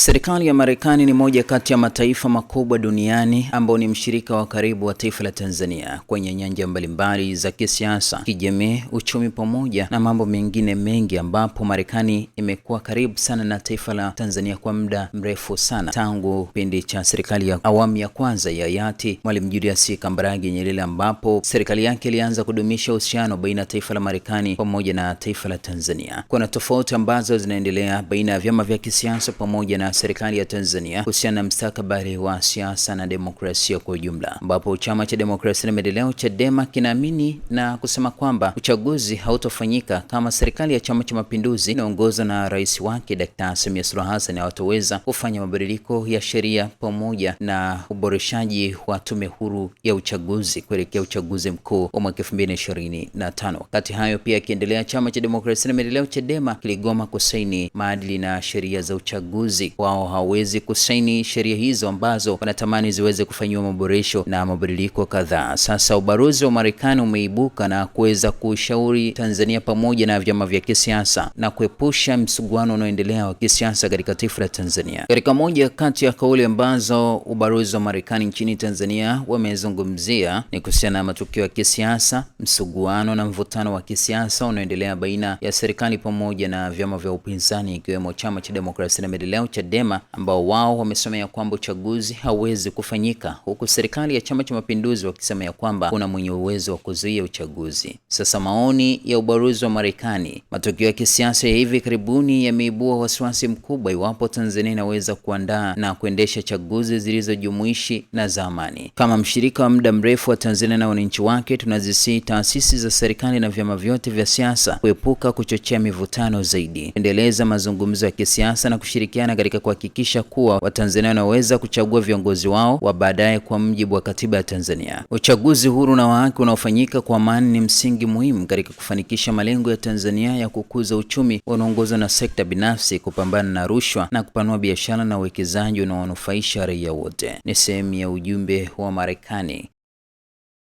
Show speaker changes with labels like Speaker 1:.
Speaker 1: Serikali ya Marekani ni moja kati ya mataifa makubwa duniani ambao ni mshirika wa karibu wa taifa la Tanzania kwenye nyanja mbalimbali za kisiasa, kijamii, uchumi pamoja na mambo mengine mengi, ambapo Marekani imekuwa karibu sana na taifa la Tanzania kwa muda mrefu sana, tangu kipindi cha serikali ya awamu ya kwanza ya hayati Mwalimu Julius Kambarage Nyerere, ambapo serikali yake ilianza kudumisha uhusiano baina ya taifa la Marekani pamoja na taifa la Tanzania. Kuna tofauti ambazo zinaendelea baina ya vyama vya kisiasa pamoja na serikali ya Tanzania kuhusiana na mstakabali wa siasa na demokrasia kwa ujumla, ambapo chama cha demokrasia na maendeleo Chadema kinaamini na kusema kwamba uchaguzi hautofanyika kama serikali ya Chama cha Mapinduzi inaongozwa na rais wake Dkt. Samia Suluhu Hassan hawataweza kufanya mabadiliko ya sheria pamoja na uboreshaji wa tume huru ya uchaguzi kuelekea uchaguzi mkuu wa mwaka tano. Wakati hayo pia akiendelea, chama cha demokrasia na maendeleo Chadema kiligoma kusaini maadili na sheria za uchaguzi wao hawawezi kusaini sheria hizo ambazo wanatamani ziweze kufanyiwa maboresho na mabadiliko kadhaa. Sasa ubalozi wa Marekani umeibuka na kuweza kushauri Tanzania pamoja na vyama vya kisiasa na kuepusha msuguano unaoendelea wa kisiasa katika taifa la Tanzania. Katika moja kati ya kauli ambazo ubalozi wa Marekani nchini Tanzania wamezungumzia ni kuhusiana na matukio ya kisiasa, msuguano na mvutano wa kisiasa unaoendelea baina ya serikali pamoja na vyama vya upinzani ikiwemo chama cha demokrasia na maendeleo cha Chadema ambao wao wamesema ya kwamba uchaguzi hauwezi kufanyika, huku serikali ya Chama cha Mapinduzi wakisema ya kwamba kuna mwenye uwezo wa kuzuia uchaguzi. Sasa maoni ya ubalozi wa Marekani, matukio ya kisiasa ya hivi karibuni yameibua wasiwasi mkubwa iwapo Tanzania inaweza kuandaa na kuendesha chaguzi zilizojumuishi na za amani. Kama mshirika wa muda mrefu wa Tanzania na wananchi wake, tunazisii taasisi za serikali na vyama vyote vya siasa kuepuka kuchochea mivutano zaidi, endeleza mazungumzo ya kisiasa na kushirikiana katika katika kuhakikisha kuwa Watanzania wanaweza kuchagua viongozi wao wa baadaye kwa mjibu wa katiba ya Tanzania. Uchaguzi huru na wa haki unaofanyika kwa amani ni msingi muhimu katika kufanikisha malengo ya Tanzania ya kukuza uchumi unaoongozwa na sekta binafsi, kupambana na rushwa na kupanua biashara na uwekezaji unaonufaisha raia wote. Ni sehemu ya ujumbe wa Marekani